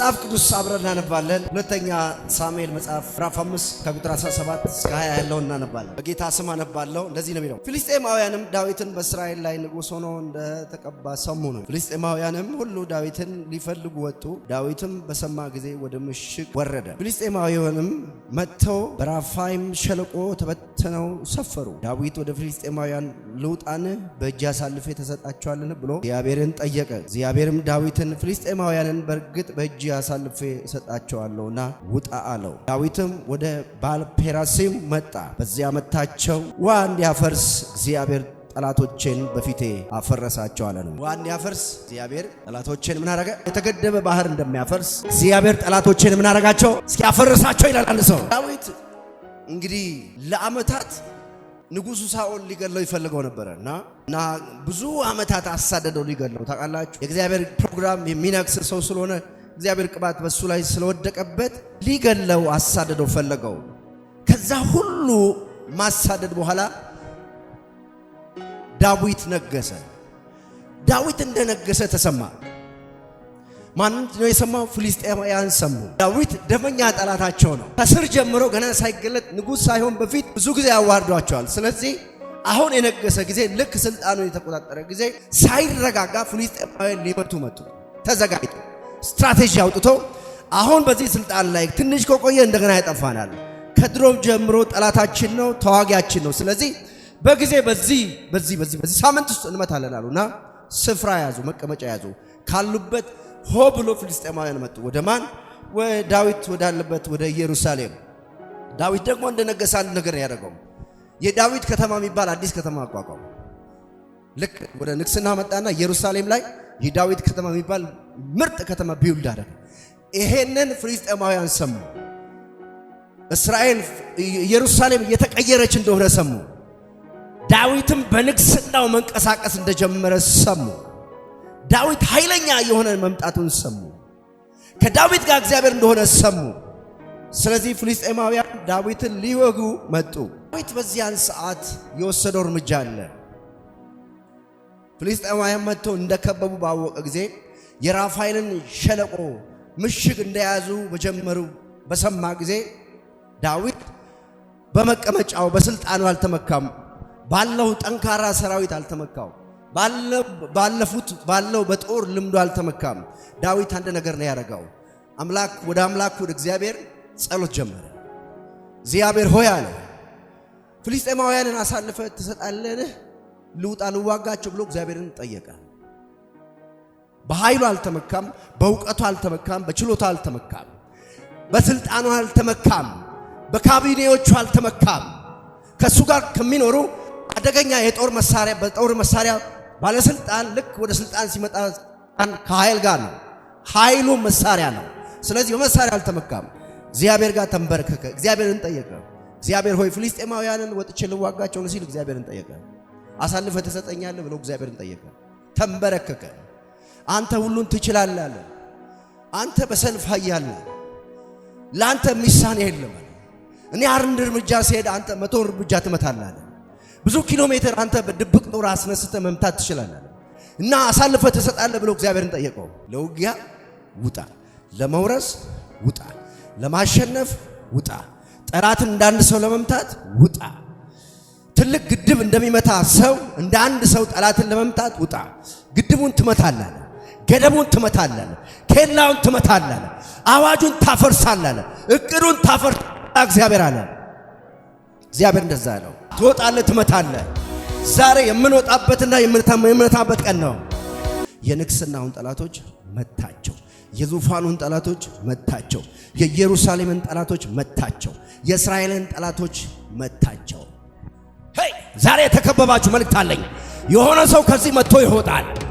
መጽሐፍ ቅዱስ አብረን እናነባለን። ሁለተኛ ሳሙኤል መጽሐፍ ምዕራፍ 5 ከቁጥር 17 እስከ 20 ያለውን እናነባለን። በጌታ ስም አነባለሁ። እንደዚህ ነው የሚለው፣ ፊልስጤማውያንም ዳዊትን በእስራኤል ላይ ንጉሥ ሆኖ እንደተቀባ ሰሙ ነው። ፊልስጤማውያንም ሁሉ ዳዊትን ሊፈልጉ ወጡ። ዳዊትም በሰማ ጊዜ ወደ ምሽግ ወረደ። ፊልስጤማውያንም መጥተው በራፋይም ሸለቆ ተበት ተነው ሰፈሩ። ዳዊት ወደ ፊልስጤማውያን ልውጣን በእጅ አሳልፌ ተሰጣቸዋልን ብሎ እግዚአብሔርን ጠየቀ። እግዚአብሔርም ዳዊትን ፊልስጤማውያንን በእርግጥ በእጅ አሳልፌ እሰጣቸዋለሁና ውጣ አለው። ዳዊትም ወደ ባልፔራሲም መጣ። በዚያ መታቸው። ዋ እንዲያፈርስ እግዚአብሔር ጠላቶቼን በፊቴ አፈረሳቸው አለ ነው። ውሃ እንዲያፈርስ እግዚአብሔር ጠላቶቼን ምን አረገ? የተገደበ ባህር እንደሚያፈርስ እግዚአብሔር ጠላቶቼን ምን አረጋቸው? እስኪ አፈረሳቸው ይላል አንድ ሰው ዳዊት እንግዲህ ለአመታት ንጉሱ ሳኦል ሊገለው ይፈልገው ነበረ እና እና ብዙ አመታት አሳደደው ሊገለው። ታውቃላችሁ የእግዚአብሔር ፕሮግራም የሚነግስ ሰው ስለሆነ እግዚአብሔር ቅባት በሱ ላይ ስለወደቀበት ሊገለው አሳደደው ፈለገው። ከዛ ሁሉ ማሳደድ በኋላ ዳዊት ነገሰ። ዳዊት እንደነገሰ ተሰማ። ማን ነው የሰማው? ፍልስጤማውያን ሰሙ። ዳዊት ደመኛ ጠላታቸው ነው። ከስር ጀምሮ ገና ሳይገለጥ ንጉሥ ሳይሆን በፊት ብዙ ጊዜ ያዋርዷቸዋል። ስለዚህ አሁን የነገሰ ጊዜ ልክ ስልጣኑን የተቆጣጠረ ጊዜ ሳይረጋጋ ፍልስጤማውያን ሊመቱ መጡ። ተዘጋጅቶ ስትራቴጂ አውጥቶ አሁን በዚህ ስልጣን ላይ ትንሽ ከቆየ እንደገና ያጠፋናል። ከድሮም ጀምሮ ጠላታችን ነው፣ ተዋጊያችን ነው። ስለዚህ በጊዜ በዚህ በዚህ በዚህ በዚህ ሳምንት ውስጥ እንመታለን አሉና ስፍራ ያዙ፣ መቀመጫ ያዙ ካሉበት ሆ ብሎ ፍልስጤማውያን መጡ። ወደ ማን? ዳዊት ወዳለበት ወደ ኢየሩሳሌም። ዳዊት ደግሞ እንደነገሰ አንድ ነገር ያደረገው የዳዊት ከተማ የሚባል አዲስ ከተማ አቋቋመ። ልክ ወደ ንግስና መጣና ኢየሩሳሌም ላይ የዳዊት ከተማ የሚባል ምርጥ ከተማ ቢውልድ አደረገ። ይሄንን ፍልስጤማውያን ሰሙ። እስራኤል ኢየሩሳሌም እየተቀየረች እንደሆነ ሰሙ። ዳዊትም በንግስናው መንቀሳቀስ እንደጀመረ ሰሙ። ዳዊት ኃይለኛ የሆነ መምጣቱን ሰሙ። ከዳዊት ጋር እግዚአብሔር እንደሆነ ሰሙ። ስለዚህ ፍልስጤማውያን ዳዊትን ሊወጉ መጡ። ዳዊት በዚያን ሰዓት የወሰደው እርምጃ አለ። ፍልስጤማውያን መጥተው እንደከበቡ ባወቀ ጊዜ የራፋይልን ሸለቆ ምሽግ እንደያዙ በጀመሩ በሰማ ጊዜ ዳዊት በመቀመጫው በስልጣኑ አልተመካም፣ ባለው ጠንካራ ሰራዊት አልተመካው። ባለፉት ባለው በጦር ልምዶ አልተመካም። ዳዊት አንድ ነገር ነው ያደረገው። አምላክ ወደ አምላክ ወደ እግዚአብሔር ጸሎት ጀመረ። እግዚአብሔር ሆይ አለ ፍልስጤማውያንን አሳልፈ ትሰጣለህ? ልውጣ ልዋጋቸው ብሎ እግዚአብሔርን ጠየቀ። በኃይሉ አልተመካም፣ በእውቀቱ አልተመካም፣ በችሎታ አልተመካም፣ በስልጣኑ አልተመካም፣ በካቢኔዎቹ አልተመካም። ከእሱ ጋር ከሚኖሩ አደገኛ የጦር መሳሪያ በጦር መሳሪያ ባለስልጣን ልክ ወደ ስልጣን ሲመጣ ከኃይል ጋር ነው። ኃይሉ መሳሪያ ነው። ስለዚህ በመሳሪያ አልተመካም። እግዚአብሔር ጋር ተንበረከከ። እግዚአብሔርን ጠየቀ። እግዚአብሔር ሆይ ፍልስጤማውያንን ወጥቼ ልዋጋቸው ሲል እግዚአብሔርን ጠየቀ። አሳልፈ ትሰጠኛለህ ብሎ እግዚአብሔርን ጠየቀ። ተንበረከከ። አንተ ሁሉን ትችላለህ አለ። አንተ በሰልፍ ኃያል ነህ። ለአንተ የሚሳን የለም። እኔ አንድ እርምጃ ስሄድ አንተ መቶ እርምጃ ትመታለህ አለ። ብዙ ኪሎ ሜትር አንተ በድብቅ ጦር አስነስተ መምታት ትችላለህ እና አሳልፈ ትሰጣለህ ብሎ እግዚአብሔርን ጠየቀው። ለውጊያ ውጣ፣ ለመውረስ ውጣ፣ ለማሸነፍ ውጣ፣ ጠላትን እንደ አንድ ሰው ለመምታት ውጣ፣ ትልቅ ግድብ እንደሚመታ ሰው እንደ አንድ ሰው ጠላትን ለመምታት ውጣ። ግድቡን ትመታለህ፣ ገደቡን ትመታለህ፣ ኬላውን ትመታለህ፣ አዋጁን ታፈርሳለህ፣ እቅዱን ታፈርሳለህ እግዚአብሔር አለ እግዚአብሔር እንደዛ ያለው ትወጣለህ፣ ትመታለህ። ዛሬ የምንወጣበትና የምንመታበት ቀን ነው። የንግስናውን ጠላቶች መታቸው። የዙፋኑን ጠላቶች መታቸው። የኢየሩሳሌምን ጠላቶች መታቸው። የእስራኤልን ጠላቶች መታቸው። ዛሬ የተከበባችሁ መልእክት አለኝ። የሆነ ሰው ከዚህ መጥቶ ይወጣል።